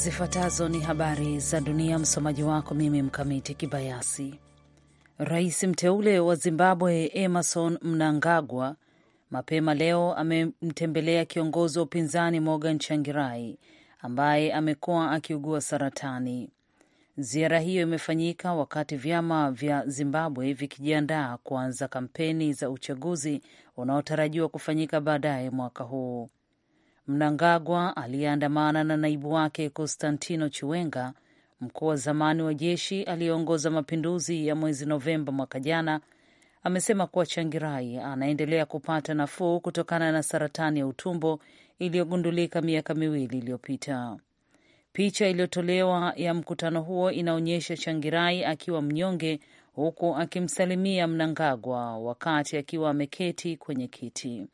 Zifuatazo ni habari za dunia. Msomaji wako mimi Mkamiti Kibayasi. Rais mteule wa Zimbabwe Emerson Mnangagwa mapema leo amemtembelea kiongozi wa upinzani Morgan Changirai ambaye amekuwa akiugua saratani. Ziara hiyo imefanyika wakati vyama vya Zimbabwe vikijiandaa kuanza kampeni za uchaguzi unaotarajiwa kufanyika baadaye mwaka huu. Mnangagwa aliyeandamana na naibu wake Constantino Chiwenga, mkuu wa zamani wa jeshi aliyeongoza mapinduzi ya mwezi Novemba mwaka jana, amesema kuwa Changirai anaendelea kupata nafuu kutokana na saratani ya utumbo iliyogundulika miaka miwili iliyopita. Picha iliyotolewa ya mkutano huo inaonyesha Changirai akiwa mnyonge huku akimsalimia Mnangagwa wakati akiwa ameketi kwenye kiti.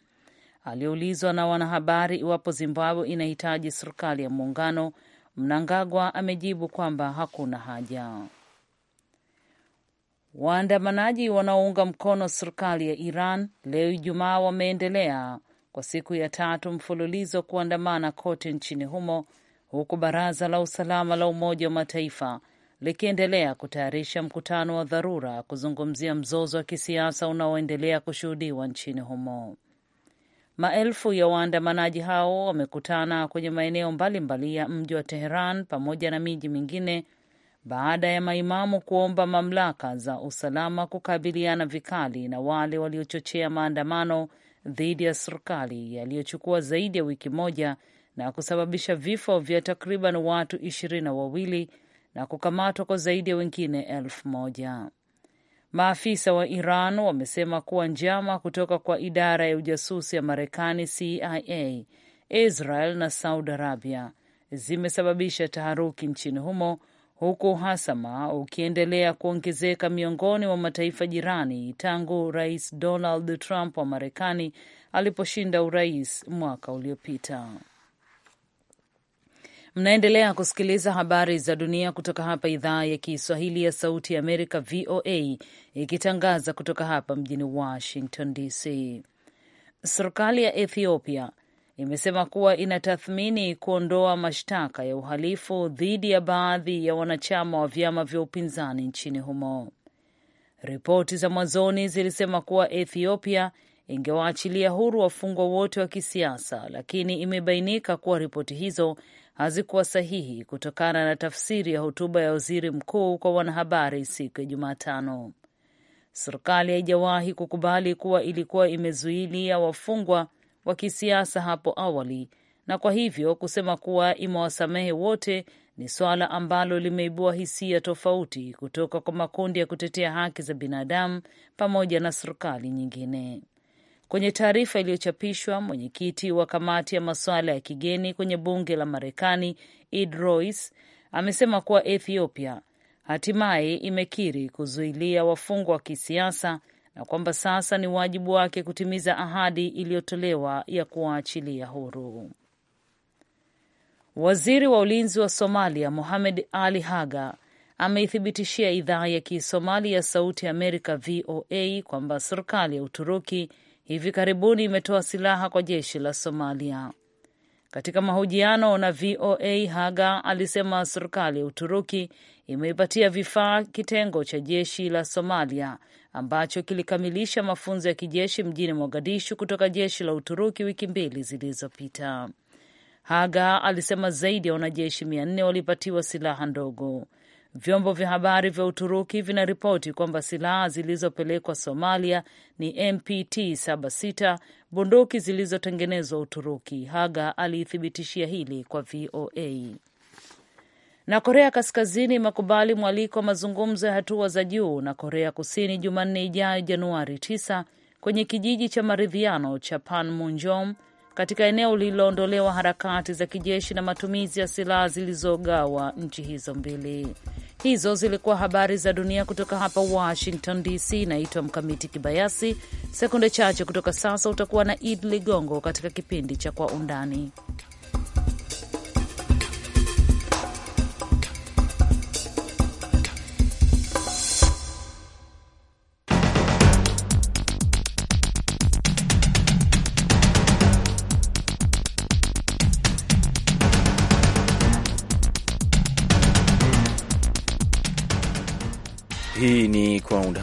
Aliulizwa na wanahabari iwapo Zimbabwe inahitaji serikali ya muungano, Mnangagwa amejibu kwamba hakuna haja. Waandamanaji wanaounga mkono serikali ya Iran leo Ijumaa wameendelea kwa siku ya tatu mfululizo kuandamana kote nchini humo huku Baraza la Usalama la Umoja wa Mataifa likiendelea kutayarisha mkutano wa dharura kuzungumzia mzozo wa kisiasa unaoendelea kushuhudiwa nchini humo. Maelfu ya waandamanaji hao wamekutana kwenye maeneo mbalimbali ya mji wa Teheran pamoja na miji mingine baada ya maimamu kuomba mamlaka za usalama kukabiliana vikali na wale waliochochea maandamano dhidi ya serikali yaliyochukua zaidi ya wiki moja na kusababisha vifo vya takriban watu ishirini na wawili na kukamatwa kwa zaidi ya wengine elfu moja. Maafisa wa Iran wamesema kuwa njama kutoka kwa idara ya ujasusi ya Marekani CIA, Israel na Saudi Arabia zimesababisha taharuki nchini humo huku uhasama ukiendelea kuongezeka miongoni mwa mataifa jirani tangu Rais Donald Trump wa Marekani aliposhinda urais mwaka uliopita. Mnaendelea kusikiliza habari za dunia kutoka hapa idhaa ya Kiswahili ya Sauti ya Amerika, VOA, ikitangaza kutoka hapa mjini Washington DC. Serikali ya Ethiopia imesema kuwa inatathmini kuondoa mashtaka ya uhalifu dhidi ya baadhi ya wanachama wa vyama vya upinzani nchini humo. Ripoti za mwanzoni zilisema kuwa Ethiopia ingewaachilia huru wafungwa wote wa kisiasa, lakini imebainika kuwa ripoti hizo hazikuwa sahihi kutokana na tafsiri ya hotuba ya waziri mkuu kwa wanahabari siku ya Jumatano. Serikali haijawahi kukubali kuwa ilikuwa imezuilia wafungwa wa kisiasa hapo awali, na kwa hivyo kusema kuwa imewasamehe wote ni suala ambalo limeibua hisia tofauti kutoka kwa makundi ya kutetea haki za binadamu pamoja na serikali nyingine. Kwenye taarifa iliyochapishwa, mwenyekiti wa kamati ya masuala ya kigeni kwenye bunge la Marekani Ed Royce amesema kuwa Ethiopia hatimaye imekiri kuzuilia wafungwa wa kisiasa na kwamba sasa ni wajibu wake kutimiza ahadi iliyotolewa ya kuwaachilia huru. Waziri wa ulinzi wa Somalia Mohamed Ali Haga ameithibitishia idhaa ya Kisomali ya Sauti ya Amerika VOA kwamba serikali ya Uturuki hivi karibuni imetoa silaha kwa jeshi la Somalia. Katika mahojiano na VOA, Haga alisema serikali ya Uturuki imeipatia vifaa kitengo cha jeshi la Somalia ambacho kilikamilisha mafunzo ya kijeshi mjini Mogadishu kutoka jeshi la Uturuki wiki mbili zilizopita. Haga alisema zaidi ya wanajeshi mia nne walipatiwa silaha ndogo. Vyombo vya habari vya Uturuki vinaripoti kwamba silaha zilizopelekwa Somalia ni MPT76, bunduki zilizotengenezwa Uturuki. Haga aliithibitishia hili kwa VOA. Na Korea Kaskazini imekubali mwaliko wa mazungumzo ya hatua za juu na Korea Kusini Jumanne ijayo Januari 9 kwenye kijiji cha maridhiano cha Panmunjom katika eneo lililoondolewa harakati za kijeshi na matumizi ya silaha zilizogawa nchi hizo mbili. Hizo zilikuwa habari za dunia kutoka hapa Washington DC. Naitwa Mkamiti Kibayasi. Sekunde chache kutoka sasa utakuwa na Id Ligongo katika kipindi cha Kwa Undani.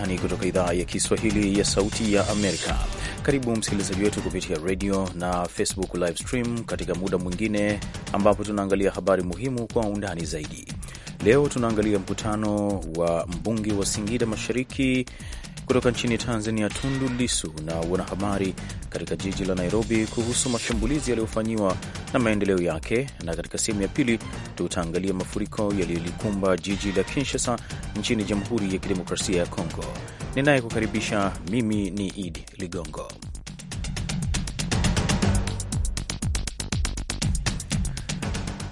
Undani kutoka idhaa ya Kiswahili ya Sauti ya Amerika. Karibu msikilizaji wetu kupitia radio na Facebook live stream katika muda mwingine ambapo tunaangalia habari muhimu kwa undani zaidi. Leo tunaangalia mkutano wa mbunge wa Singida Mashariki kutoka nchini Tanzania, Tundu Lisu na wanahabari katika jiji la Nairobi kuhusu mashambulizi yaliyofanyiwa na maendeleo yake, na katika sehemu ya pili tutaangalia mafuriko yaliyolikumba jiji la Kinshasa nchini Jamhuri ya Kidemokrasia ya Kongo. Ninayekukaribisha mimi ni Idi Ligongo.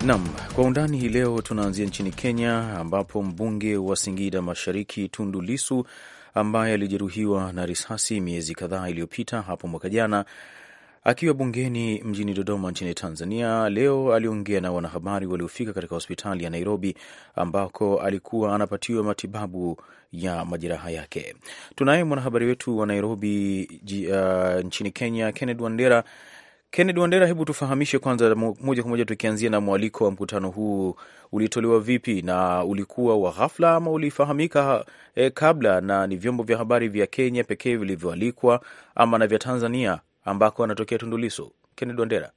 Nam kwa undani hii leo, tunaanzia nchini Kenya ambapo mbunge wa Singida Mashariki Tundu Lisu ambaye alijeruhiwa na risasi miezi kadhaa iliyopita hapo mwaka jana akiwa bungeni mjini Dodoma nchini Tanzania. Leo aliongea na wanahabari waliofika katika hospitali ya Nairobi ambako alikuwa anapatiwa matibabu ya majeraha yake. Tunaye mwanahabari wetu wa Nairobi, uh, nchini Kenya, Kenneth Wandera Kennedy Wandera, hebu tufahamishe kwanza, moja kwa moja tukianzia na mwaliko wa mkutano huu, ulitolewa vipi na ulikuwa wa ghafla ama ulifahamika e, kabla? Na ni vyombo vya habari vya Kenya pekee vilivyoalikwa ama na vya Tanzania ambako anatokea Tundu Lissu? Kennedy Wandera.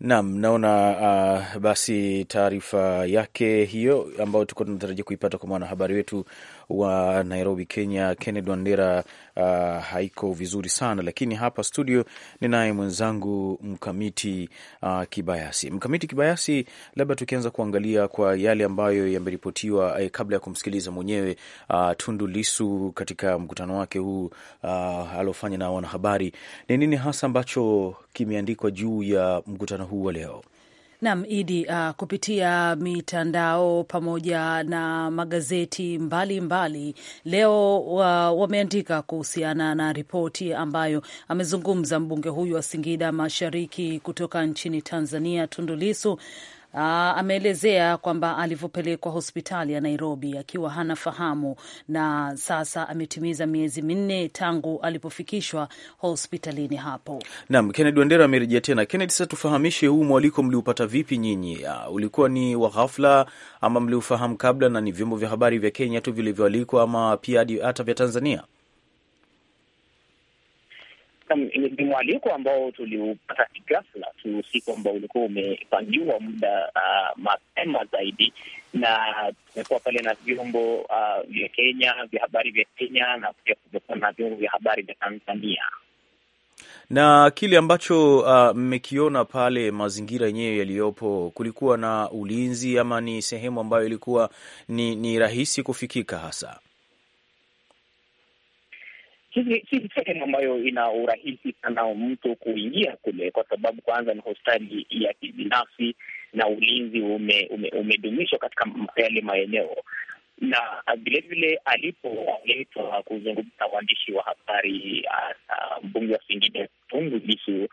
Naam, naona uh, basi taarifa yake hiyo ambayo tulikuwa tunatarajia kuipata kwa mwanahabari wetu wa Nairobi, Kenya, Kennedy Wandera uh, haiko vizuri sana, lakini hapa studio ninaye mwenzangu Mkamiti uh, Kibayasi. Mkamiti Kibayasi, labda tukianza kuangalia kwa yale ambayo yameripotiwa eh, kabla ya kumsikiliza mwenyewe uh, Tundu Lisu katika mkutano wake huu uh, aliofanya na wanahabari, ni nini hasa ambacho kimeandikwa juu ya mkutano huu wa leo? nam Idi, uh, kupitia mitandao pamoja na magazeti mbalimbali mbali, leo uh, wameandika kuhusiana na ripoti ambayo amezungumza mbunge huyu wa Singida Mashariki kutoka nchini Tanzania Tundu Lissu Uh, ameelezea kwamba alivyopelekwa hospitali ya Nairobi akiwa hana fahamu, na sasa ametimiza miezi minne tangu alipofikishwa hospitalini hapo. Naam, Kennedy Wandera amerejea tena. Kennedy, sasa tufahamishe huu mwaliko mliupata vipi nyinyi? Uh, ulikuwa ni wa ghafla ama mliufahamu kabla, na ni vyombo vya habari vya Kenya tu vilivyoalikwa ama pia hata vya Tanzania? ni mwaliko ambao tuliupata kighafla tu usiku ambao ulikuwa umepangiwa muda uh, mapema zaidi, na tumekuwa pale na vyombo uh, vya Kenya vya habari vya Kenya na pia kumekuwa na vyombo vya habari vya Tanzania na kile ambacho ah, mmekiona uh, pale mazingira yenyewe yaliyopo, kulikuwa na ulinzi ama ni sehemu ambayo ilikuwa ni, ni rahisi kufikika hasa si sehemu ambayo ina urahisi sana mtu kuingia kule, kwa sababu kwanza ni hospitali ya kibinafsi na ulinzi umedumishwa ume, katika yale maeneo na vilevile alipoletwa kuzungumza waandishi wa habari mbunge wa Singida Tundu Lissu,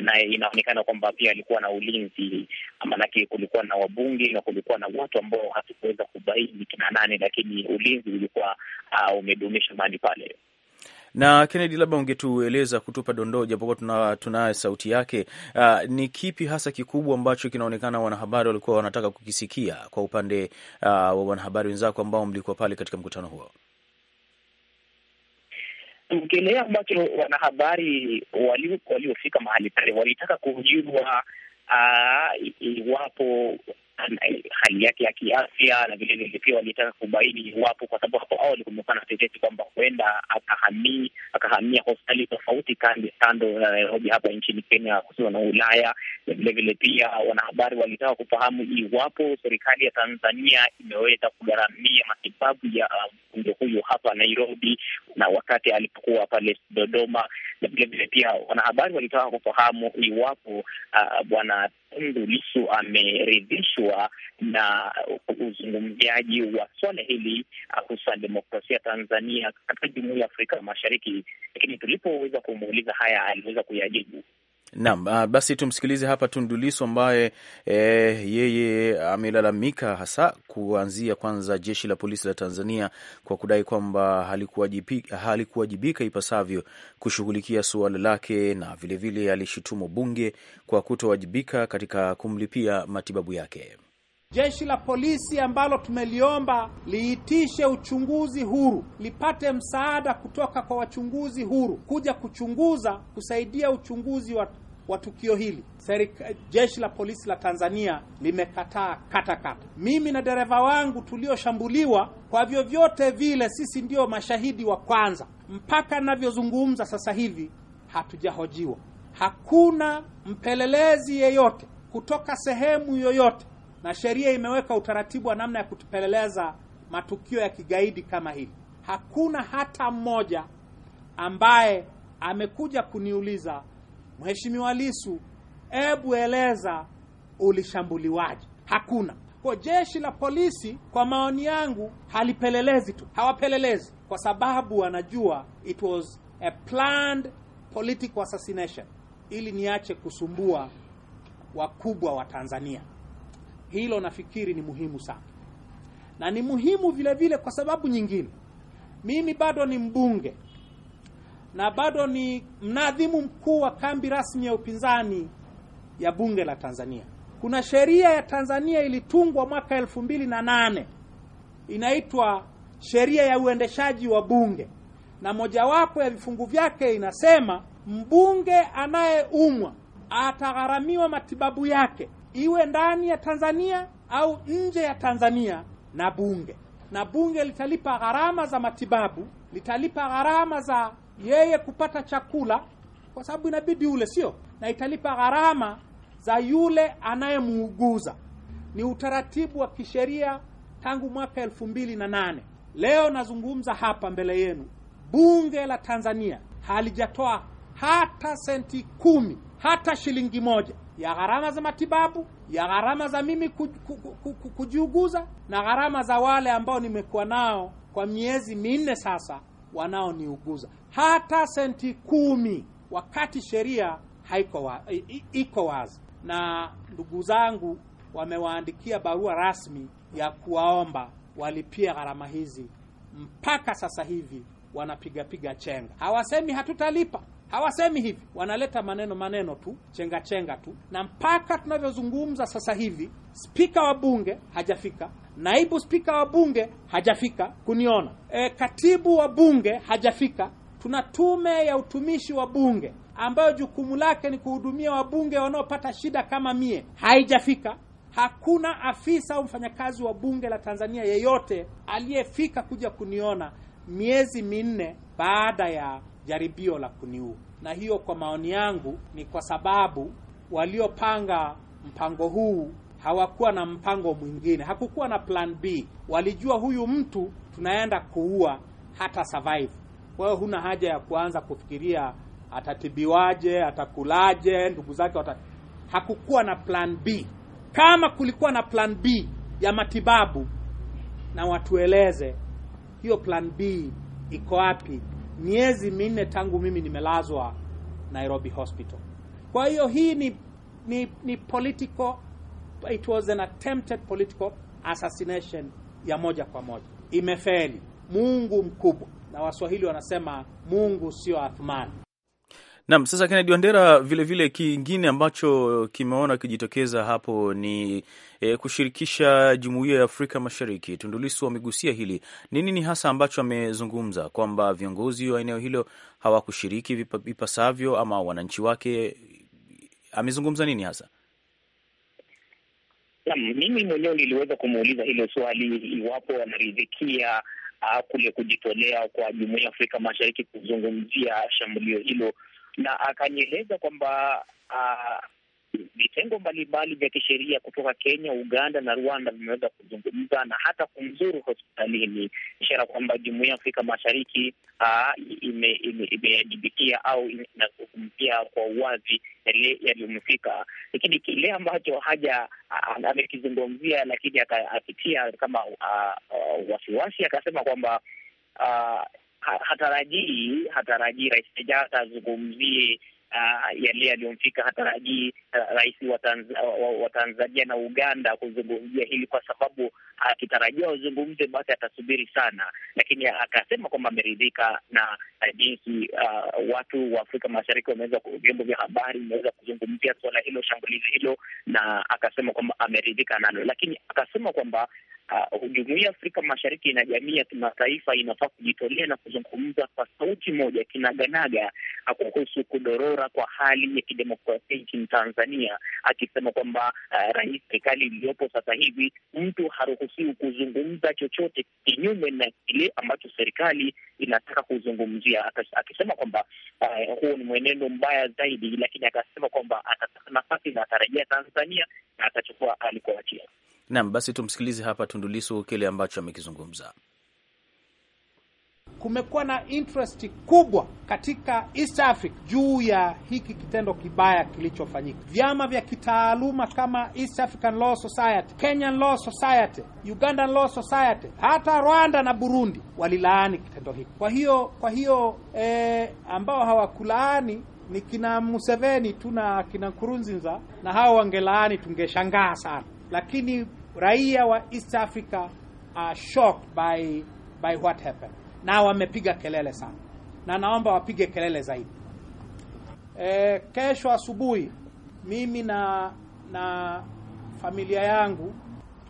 naye inaonekana kwamba pia alikuwa na ulinzi, maanake kulikuwa na wabunge na kulikuwa na watu ambao hatukuweza kubaini kina nane, lakini ulinzi ulikuwa umedumisha mahali pale. Na Kennedy, labda ungetueleza kutupa dondoo, japokuwa tuna, tunaye sauti yake uh, ni kipi hasa kikubwa ambacho kinaonekana wanahabari walikuwa wanataka kukisikia kwa upande uh, wa wanahabari wenzako ambao mlikuwa pale katika mkutano huo? Kile ambacho wanahabari waliofika mahali pale walitaka kujua uh, iwapo hali yake ya kiafya, na vilevile pia walitaka kubaini iwapo, kwa sababu hapo awali kumekuwa na tetesi kwamba huenda akahamii akahamia hospitali tofauti kando na eh, Nairobi hapa nchini Kenya kusiwa na Ulaya. Na vilevile pia wanahabari walitaka kufahamu iwapo serikali ya Tanzania imeweza kugharamia matibabu ya um, mgonjwa huyu hapa Nairobi na wakati alipokuwa pale Dodoma. Na vilevile pia wanahabari walitaka kufahamu iwapo uh, bwana Tundu Lisu ameridhishwa na uzungumziaji wa swala hili uh, hususan demokrasia Tanzania katika jumuiya ya Afrika Mashariki, lakini tulipoweza kumuuliza haya aliweza kuyajibu. Naam, ah, basi tumsikilize hapa Tundu Lissu ambaye e, yeye amelalamika hasa kuanzia kwanza jeshi la polisi la Tanzania kwa kudai kwamba halikuwajibika ipasavyo kushughulikia suala lake, na vilevile alishutumu bunge kwa kutowajibika katika kumlipia matibabu yake. Jeshi la polisi ambalo tumeliomba liitishe uchunguzi huru, lipate msaada kutoka kwa wachunguzi huru kuja kuchunguza, kusaidia uchunguzi wa wa tukio hili jeshi la polisi la Tanzania limekataa katakata. Mimi na dereva wangu tulioshambuliwa, kwa vyovyote vile sisi ndio mashahidi wa kwanza. Mpaka navyozungumza sasa hivi hatujahojiwa, hakuna mpelelezi yeyote kutoka sehemu yoyote, na sheria imeweka utaratibu wa namna ya kutupeleleza matukio ya kigaidi kama hili. Hakuna hata mmoja ambaye amekuja kuniuliza Mheshimiwa Lisu, ebu eleza ulishambuliwaje? Hakuna. Kwa jeshi la polisi, kwa maoni yangu, halipelelezi tu, hawapelelezi kwa sababu wanajua it was a planned political assassination, ili niache kusumbua wakubwa wa Tanzania. Hilo nafikiri ni muhimu sana, na ni muhimu vile vile kwa sababu nyingine, mimi bado ni mbunge na bado ni mnadhimu mkuu wa kambi rasmi ya upinzani ya bunge la Tanzania. Kuna sheria ya Tanzania ilitungwa mwaka elfu mbili na nane inaitwa sheria ya uendeshaji wa bunge, na mojawapo ya vifungu vyake inasema mbunge anayeumwa atagharamiwa matibabu yake iwe ndani ya Tanzania au nje ya Tanzania na bunge, na bunge litalipa gharama za matibabu, litalipa gharama za yeye kupata chakula, kwa sababu inabidi ule, sio na italipa gharama za yule anayemuuguza. Ni utaratibu wa kisheria tangu mwaka elfu mbili na nane. Leo nazungumza hapa mbele yenu, bunge la Tanzania halijatoa hata senti kumi, hata shilingi moja ya gharama za matibabu, ya gharama za mimi kujiuguza na gharama za wale ambao nimekuwa nao kwa miezi minne sasa wanaoniuguza hata senti kumi, wakati sheria haiko wa, iko wazi. Na ndugu zangu wamewaandikia barua rasmi ya kuwaomba walipia gharama hizi. Mpaka sasa hivi wanapigapiga chenga, hawasemi hatutalipa, hawasemi hivi, wanaleta maneno maneno tu, chenga chenga tu. Na mpaka tunavyozungumza sasa hivi, spika wa bunge hajafika, naibu spika wa bunge hajafika kuniona, e, katibu wa bunge hajafika Tuna tume ya utumishi wa bunge ambayo jukumu lake ni kuhudumia wabunge wanaopata shida kama mie. Haijafika, hakuna afisa au mfanyakazi wa bunge la Tanzania yeyote aliyefika kuja kuniona miezi minne baada ya jaribio la kuniua. Na hiyo kwa maoni yangu ni kwa sababu waliopanga mpango huu hawakuwa na mpango mwingine, hakukuwa na plan B. Walijua huyu mtu tunaenda kuua hata survive kwa hiyo huna haja ya kuanza kufikiria atatibiwaje, atakulaje, ndugu zake wata... hakukuwa na plan B. Kama kulikuwa na plan B ya matibabu, na watueleze hiyo plan B iko wapi? Miezi minne tangu mimi nimelazwa Nairobi Hospital. Kwa hiyo hii ni, ni, ni political, it was an attempted political assassination ya moja kwa moja. Imefeli. Mungu mkubwa na Waswahili wanasema Mungu sio Athman. Naam, sasa Kennedy Wandera, vilevile kingine ambacho kimeona kijitokeza hapo ni e, kushirikisha jumuiya ya Afrika Mashariki. Tundulisu amegusia hili, ni nini hasa ambacho amezungumza kwamba viongozi wa eneo hilo hawakushiriki ipasavyo ama wananchi wake? Amezungumza nini hasa? Naam, mimi mwenyewe niliweza kumuuliza hilo swali, iwapo wanaridhikia uh, kule kujitolea kwa jumuia ya Afrika Mashariki kuzungumzia shambulio hilo, na akanieleza kwamba uh, vitengo mbalimbali vya kisheria kutoka Kenya, Uganda na Rwanda vimeweza kuzungumza na hata kumzuru hospitalini, ishara kwamba jumuiya ya Afrika Mashariki imeajibikia au inazungumzia kwa uwazi yale yaliyomfika. Lakini kile ambacho haja amekizungumzia, lakini akapitia kama wasiwasi, akasema kwamba hatarajii hatarajii rais Kenyatta azungumzie uh, yale yaliyomfika hata raji uh, rais wa, Tanz, wa Tanzania na Uganda kuzungumzia hili, kwa sababu akitarajia uh, wazungumze basi atasubiri sana, lakini akasema kwamba ameridhika na uh, jinsi uh, watu wa Afrika Mashariki wameweza, vyombo vya habari imeweza kuzungumzia suala hilo, shambulizi hilo, na akasema kwamba ameridhika nalo, lakini akasema kwamba uh, jumuiya ya Afrika Mashariki na jamii ya kimataifa inafaa kujitolea na kuzungumza kwa sauti moja kinaganaga ah, kuhusu kudorora kwa hali ya kidemokrasia nchini Tanzania, akisema kwamba uh, rais, serikali iliyopo sasa hivi, mtu haruhusiwi kuzungumza chochote kinyume na kile ambacho serikali inataka kuzungumzia, akisema kwamba uh, huo ni mwenendo mbaya zaidi, lakini akasema kwamba atataka nafasi na atarejea Tanzania na atachukua alikuachia. Naam, basi tumsikilize hapa Tundulisu kile ambacho amekizungumza. Kumekuwa na interest kubwa katika East Africa juu ya hiki kitendo kibaya kilichofanyika. Vyama vya kitaaluma kama East African Law Society, Kenyan Law Society, Ugandan Law Society, hata Rwanda na Burundi walilaani kitendo hiki. Kwa hiyo kwa hiyo e, ambao hawakulaani ni kina Museveni tu na kina Nkurunziza, na hao wangelaani tungeshangaa sana lakini raia wa East Africa are shocked by by what happened, na wamepiga kelele sana, na naomba wapige kelele zaidi. E, kesho asubuhi mimi na na familia yangu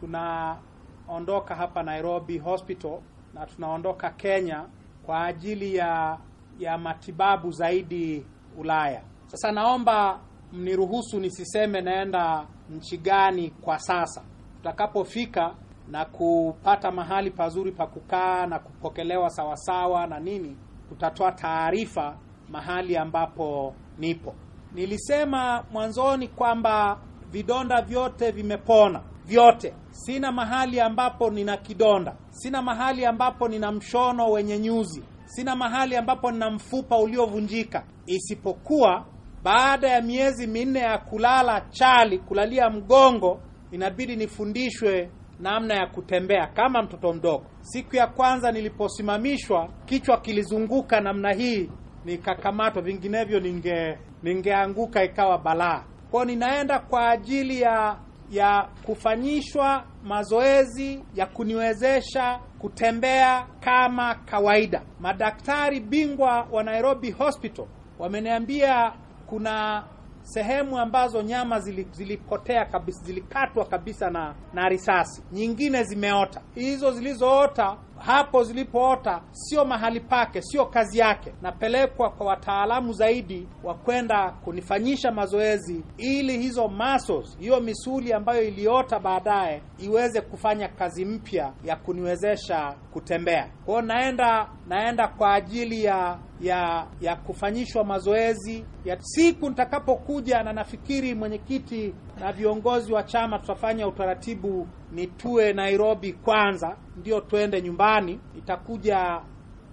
tunaondoka hapa Nairobi Hospital na tunaondoka Kenya kwa ajili ya ya matibabu zaidi Ulaya. Sasa naomba mniruhusu nisiseme naenda nchi gani kwa sasa. Tutakapofika na kupata mahali pazuri pa kukaa na kupokelewa sawasawa na nini, tutatoa taarifa mahali ambapo nipo. Nilisema mwanzoni kwamba vidonda vyote vimepona vyote. Sina mahali ambapo nina kidonda, sina mahali ambapo nina mshono wenye nyuzi, sina mahali ambapo nina mfupa uliovunjika, isipokuwa baada ya miezi minne ya kulala chali, kulalia mgongo, inabidi nifundishwe namna ya kutembea kama mtoto mdogo. Siku ya kwanza niliposimamishwa, kichwa kilizunguka namna hii, nikakamatwa, vinginevyo ninge ningeanguka ikawa balaa. Kwao ninaenda kwa ajili ya ya kufanyishwa mazoezi ya kuniwezesha kutembea kama kawaida. Madaktari bingwa wa Nairobi Hospital wameniambia kuna sehemu ambazo nyama zilipotea kabisa, zilikatwa kabisa na na risasi, nyingine zimeota. Hizo zilizoota hapo zilipoota sio mahali pake, sio kazi yake. Napelekwa kwa wataalamu zaidi wa kwenda kunifanyisha mazoezi, ili hizo muscles, hiyo misuli ambayo iliota baadaye iweze kufanya kazi mpya ya kuniwezesha kutembea. Kwao naenda naenda kwa ajili ya ya ya kufanyishwa mazoezi ya siku nitakapokuja, na nafikiri mwenyekiti na viongozi wa chama tutafanya utaratibu nitue Nairobi kwanza, ndio twende nyumbani. Itakuja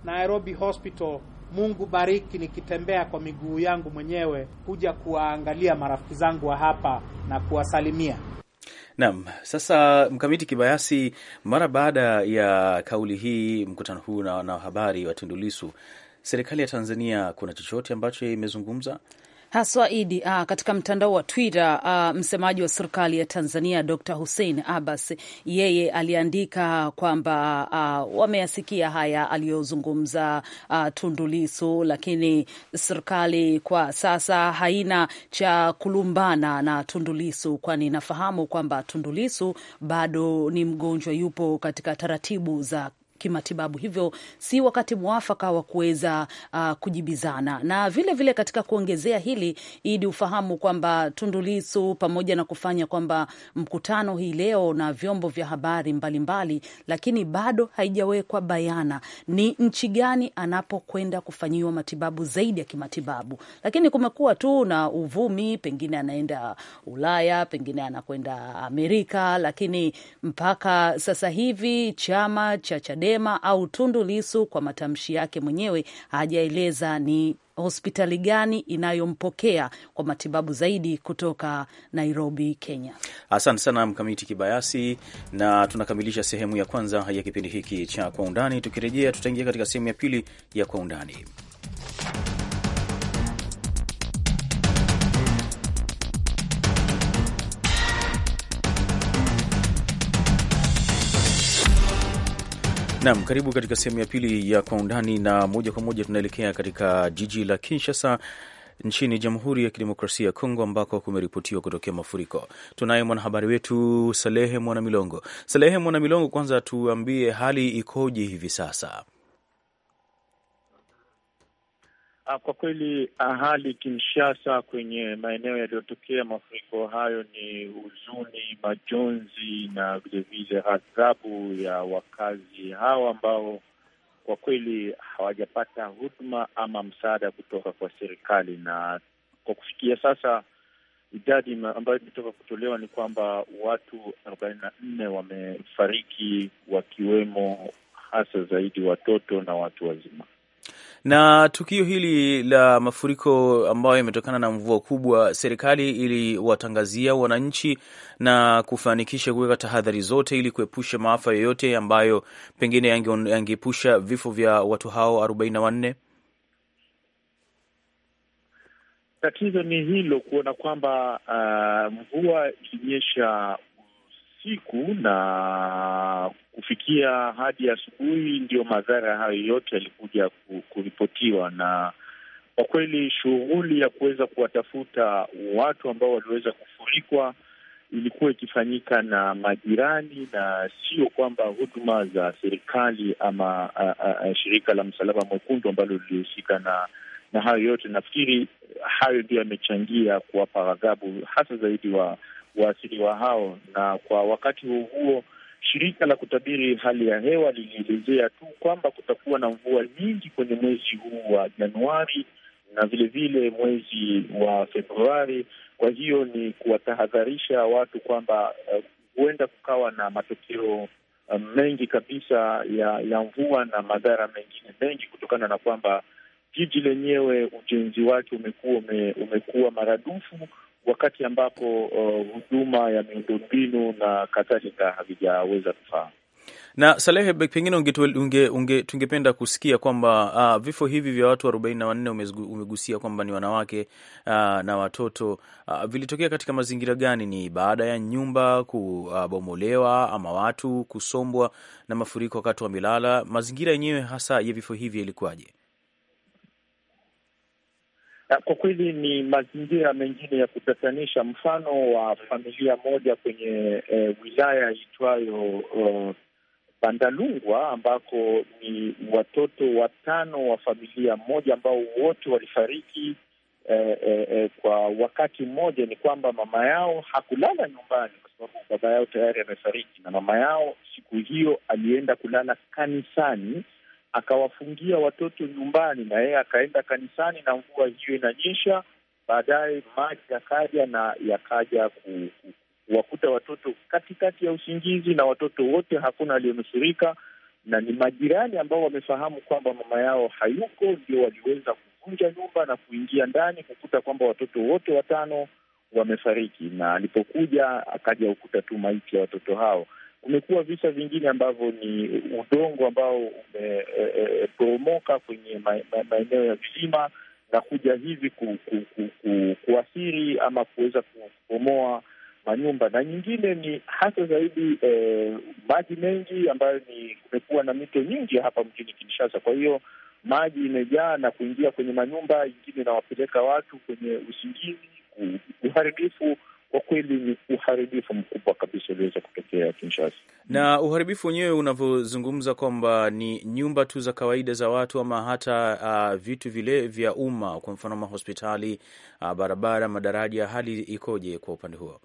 Nairobi Hospital. Mungu bariki, nikitembea kwa miguu yangu mwenyewe kuja kuwaangalia marafiki zangu wa hapa na kuwasalimia. Naam, sasa mkamiti kibayasi, mara baada ya kauli hii, mkutano huu na wanahabari wa Tundu Lissu, serikali ya Tanzania kuna chochote ambacho imezungumza? haswa Idi. uh, katika mtandao wa Twitter uh, msemaji wa serikali ya Tanzania Dr. Hussein Abbas yeye aliandika kwamba uh, wameyasikia haya aliyozungumza uh, Tundulisu, lakini serikali kwa sasa haina cha kulumbana na tundulisu kwani nafahamu kwamba tundulisu bado ni mgonjwa, yupo katika taratibu za kimatibabu, hivyo si wakati mwafaka wa kuweza uh, kujibizana. Na vilevile vile katika kuongezea hili, ili ufahamu kwamba tundulisu pamoja na kufanya kwamba mkutano hii leo na vyombo vya habari mbalimbali mbali, lakini bado haijawekwa bayana ni nchi gani anapokwenda kufanyiwa matibabu zaidi ya kimatibabu, lakini kumekuwa tu na uvumi, pengine anaenda Ulaya, pengine anakwenda Amerika, lakini mpaka sasa hivi chama cha Chadema Chadema au Tundu Lisu, kwa matamshi yake mwenyewe hajaeleza ni hospitali gani inayompokea kwa matibabu zaidi kutoka Nairobi, Kenya. Asante sana Mkamiti Kibayasi, na tunakamilisha sehemu ya kwanza ya kipindi hiki cha Kwa Undani. Tukirejea tutaingia katika sehemu ya pili ya Kwa Undani. Naam, karibu katika sehemu ya pili ya kwa undani, na moja kwa moja tunaelekea katika jiji la Kinshasa nchini Jamhuri ya Kidemokrasia ya Kongo ambako kumeripotiwa kutokea mafuriko. Tunaye mwanahabari wetu Salehe Mwanamilongo. Salehe Mwanamilongo, kwanza tuambie hali ikoje hivi sasa? Ah, kwa kweli ah, hali Kinshasa kwenye maeneo yaliyotokea mafuriko hayo ni huzuni, majonzi na vilevile ghadhabu ya wakazi hawa ambao kwa kweli hawajapata huduma ama msaada kutoka kwa serikali. Na kwa kufikia sasa idadi ambayo imetoka kutolewa ni kwamba watu arobaini na nne wamefariki wakiwemo hasa zaidi watoto na watu wazima. Na tukio hili la mafuriko ambayo yametokana na mvua kubwa, serikali iliwatangazia wananchi na kufanikisha kuweka tahadhari zote ili kuepusha maafa yoyote ambayo pengine yangeepusha vifo vya watu hao arobaini na wanne. Tatizo ni hilo kuona kwamba uh, mvua ikinyesha usiku na kufikia hadi asubuhi, ndio madhara hayo yote yalikuja kuripotiwa. Na kwa kweli shughuli ya kuweza kuwatafuta watu ambao waliweza kufurikwa ilikuwa ikifanyika na majirani na sio kwamba huduma za serikali ama a, a, a, shirika la Msalaba Mwekundu ambalo lilihusika na na hayo yote. Nafikiri hayo ndio yamechangia kuwapa ghadhabu hasa zaidi wa waasiriwa hao, na kwa wakati huo huo shirika la kutabiri hali ya hewa lilielezea tu kwamba kutakuwa na mvua nyingi kwenye mwezi huu wa Januari na vilevile vile mwezi wa Februari. Kwa hiyo ni kuwatahadharisha watu kwamba eh, huenda uh, kukawa na matokeo uh, mengi kabisa ya, ya mvua na madhara mengine mengi kutokana na kwamba jiji lenyewe ujenzi wake umekuwa ume, umekuwa maradufu wakati ambapo uh, huduma uh, ya miundombinu na kadhalika havijaweza kufaa na Salehe, pengine unge, tungependa kusikia kwamba uh, vifo hivi vya watu arobaini na wanne umegusia kwamba ni wanawake uh, na watoto uh, vilitokea katika mazingira gani? Ni baada ya nyumba kubomolewa ama watu kusombwa na mafuriko wakati wamelala? Mazingira yenyewe hasa ya vifo hivi yalikuwaje? Kwa kweli ni mazingira mengine ya kutatanisha, mfano wa familia moja kwenye e, wilaya iitwayo e, Bandalungwa ambako ni watoto watano wa familia moja ambao wote walifariki e, e, kwa wakati mmoja. Ni kwamba mama yao hakulala nyumbani kwa sababu baba yao tayari amefariki, na mama yao siku hiyo alienda kulala kanisani akawafungia watoto nyumbani, na yeye akaenda kanisani na mvua hiyo inanyesha. Baadaye maji yakaja na yakaja kuwakuta watoto katikati ya usingizi, na watoto wote hakuna aliyonusurika, na ni majirani ambao wamefahamu kwamba mama yao hayuko ndio waliweza kuvunja nyumba na kuingia ndani kukuta kwamba watoto wote watano wamefariki, na alipokuja akaja ukuta tu maiti ya watoto hao kumekuwa visa vingine ambavyo ni udongo ambao umeporomoka eh, eh, e, kwenye maeneo ya vilima na kuja hivi ku, ku, ku, ku, kuathiri ama kuweza kubomoa manyumba, na nyingine ni hasa zaidi e, maji mengi ambayo ni kumekuwa na mito nyingi hapa mjini Kinshasa, kwa hiyo maji imejaa na kuingia kwenye manyumba, ingine inawapeleka watu kwenye usingizi, uharibifu kwa kweli ni uharibifu mkubwa kabisa uliweza kutokea Kinshasa. Na uharibifu wenyewe unavyozungumza kwamba ni nyumba tu za kawaida za watu ama hata uh, vitu vile vya umma, kwa mfano mahospitali, uh, barabara, madaraja, hali ikoje kwa upande huo?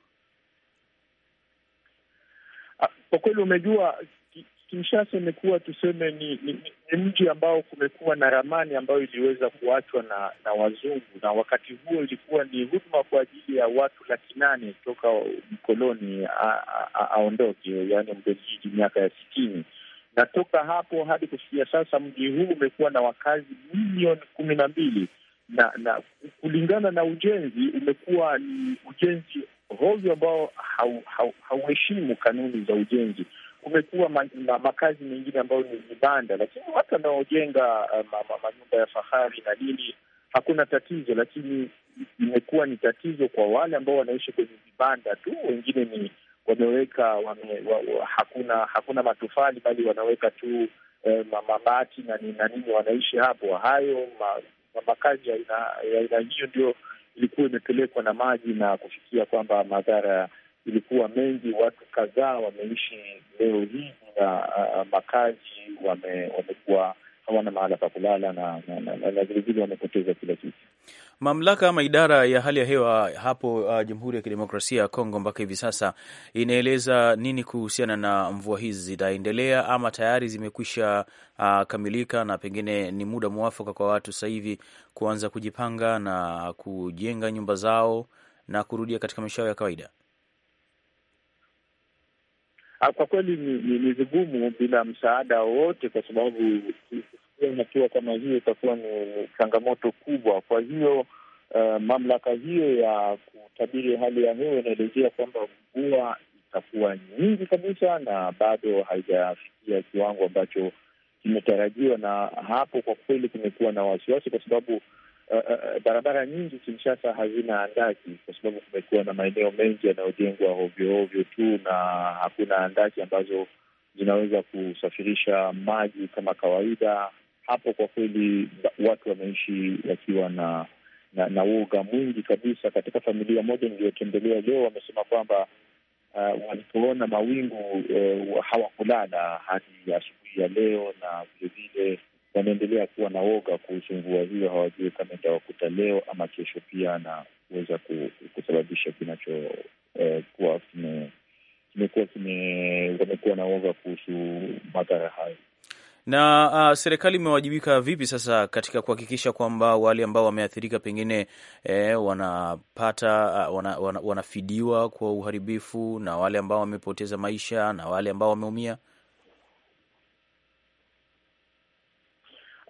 Ah, kwa kweli, umejua Kinshasa imekuwa tuseme, ni, ni, ni mji ambao kumekuwa na ramani ambayo iliweza kuachwa na, na wazungu, na wakati huo ilikuwa ni huduma kwa ajili ya watu laki nane toka mkoloni aondoke, yaani Mbelgiji miaka ya sitini na toka hapo hadi kufikia sasa mji huu umekuwa na wakazi milioni kumi na mbili na na kulingana na ujenzi umekuwa ni ujenzi hovyo ambao hauheshimu hau, kanuni za ujenzi kumekuwa ma, ma, makazi mengine ambayo ni vibanda, lakini watu wanaojenga uh, manyumba ya fahari na nini hakuna tatizo, lakini imekuwa ni tatizo kwa wale ambao wanaishi kwenye vibanda tu. Wengine ni wameweka wame, wa, wa, hakuna hakuna matofali bali wanaweka tu eh, mabati na nini na nini, wanaishi hapo. Hayo ma, ma, makazi ya aina hiyo ndio ilikuwa imepelekwa na maji na kufikia kwamba madhara ilikuwa mengi, watu kadhaa wameishi leo hii na makazi wamekuwa hawana mahala pa kulala na na vilevile wamepoteza kila kitu. Mamlaka ama idara ya hali ya hewa hapo uh, Jamhuri ya Kidemokrasia ya Kongo mpaka hivi sasa inaeleza nini kuhusiana na mvua hizi zitaendelea ama tayari zimekwisha uh, kamilika, na pengine ni muda mwafaka kwa watu sasa hivi kuanza kujipanga na kujenga nyumba zao na kurudia katika maisha yao ya kawaida. Ah, kwa kweli ni, ni vigumu bila msaada wowote, kwa sababu hatua kama hiyo itakuwa ni changamoto kubwa. Kwa hiyo uh, mamlaka hiyo ya kutabiri hali ya hewa inaelezea kwamba mvua itakuwa nyingi kabisa na bado haijafikia kiwango ambacho kimetarajiwa, na hapo kwa kweli kumekuwa na wasiwasi, kwa sababu uh, uh, barabara nyingi Kinshasa hazina andaki kwa sababu kumekuwa na maeneo mengi yanayojengwa hovyohovyo tu na hakuna andaki ambazo zinaweza kusafirisha maji kama kawaida. Hapo kwa kweli watu wameishi wakiwa na na, na woga mwingi kabisa. Katika familia moja niliyotembelea leo wamesema kwamba uh, walipoona mawingu uh, hawakulala hadi asubuhi ya leo, na vilevile wanaendelea kuwa na woga kuhusu mvua hiyo, hawajui kama itawakuta leo ama kesho pia, na kuweza kusababisha kinachokuwa eh, kimekuwa kime, wamekuwa na woga kuhusu madhara hayo na uh, serikali imewajibika vipi sasa katika kuhakikisha kwamba wale ambao wameathirika pengine eh, wanapata uh, wana, wana, wanafidiwa kwa uharibifu na wale ambao wamepoteza maisha na wale ambao wameumia?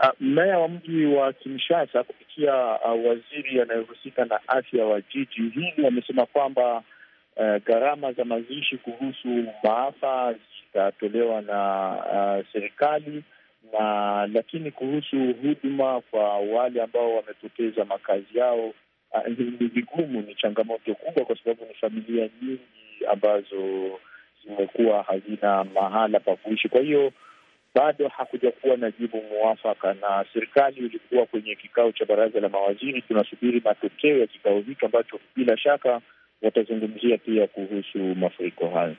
Uh, meya wa mji wa Kinshasa kupitia uh, waziri anayehusika na afya wa jiji hili amesema kwamba uh, gharama za mazishi kuhusu maafa zitatolewa na uh, serikali na lakini kuhusu huduma kwa wale ambao wamepoteza makazi yao uh, ni vigumu, ni changamoto kubwa, kwa sababu ni familia nyingi ambazo zimekuwa hazina mahala pa kuishi. Kwa hiyo bado hakuja kuwa na jibu mwafaka, na serikali ilikuwa kwenye kikao cha baraza la mawaziri. Tunasubiri matokeo ya kikao hiki ambacho bila shaka watazungumzia pia kuhusu mafuriko hayo.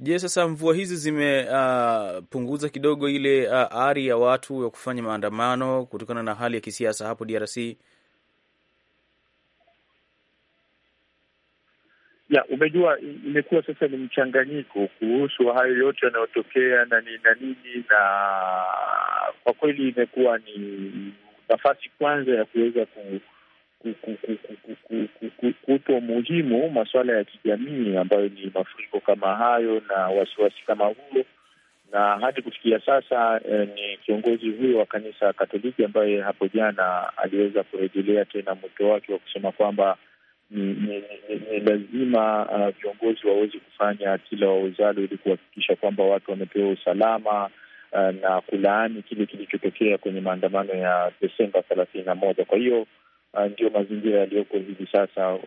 Je, sasa mvua hizi zimepunguza uh, kidogo ile uh, ari ya watu ya kufanya maandamano kutokana na hali ya kisiasa hapo DRC? ya umejua, imekuwa sasa ni mchanganyiko kuhusu hayo yote yanayotokea na nini na nini, na kwa kweli imekuwa ni nafasi kwanza ya kuweza ku kutwa umuhimu masuala ya kijamii ambayo ni mafuriko kama hayo na wasiwasi kama huo, na hadi kufikia sasa eh, ni kiongozi huyo wa kanisa Katoliki ambaye hapo jana aliweza kurejelea tena mwito wake wa kusema kwamba ni, ni, ni, ni lazima uh, viongozi uh, waweze kufanya kila wawezalo ili kuhakikisha kwamba watu wamepewa usalama uh, na kulaani kile kilichotokea kwenye maandamano ya Desemba thelathini na moja. Kwa hiyo uh, ndio mazingira yaliyoko hivi sasa uh,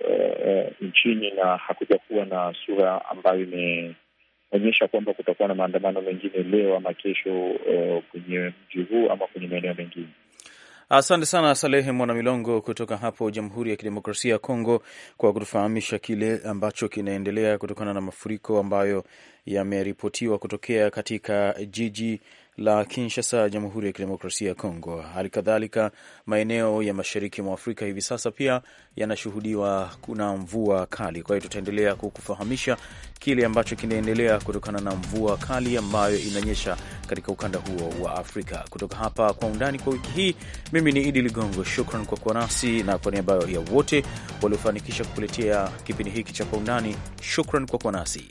uh, nchini na hakuja kuwa na sura ambayo imeonyesha kwamba kutakuwa na maandamano mengine leo ama kesho uh, kwenye mji huu ama kwenye maeneo mengine. Asante sana Salehe Mwanamilongo kutoka hapo Jamhuri ya Kidemokrasia ya Kongo kwa kutufahamisha kile ambacho kinaendelea kutokana na mafuriko ambayo yameripotiwa kutokea katika jiji la Kinshasa, Jamhuri ya Kidemokrasia ya Kongo. Hali kadhalika maeneo ya mashariki mwa Afrika hivi sasa pia yanashuhudiwa kuna mvua kali. Kwa hiyo tutaendelea kukufahamisha kile ambacho kinaendelea kutokana na mvua kali ambayo inanyesha katika ukanda huo wa Afrika. Kutoka hapa Kwa Undani kwa wiki hii, mimi ni Idi Ligongo. Shukran kwa kuwa nasi na kwa niaba ya wote waliofanikisha kukuletea kipindi hiki cha Kwa Undani, shukran kwa kuwa nasi.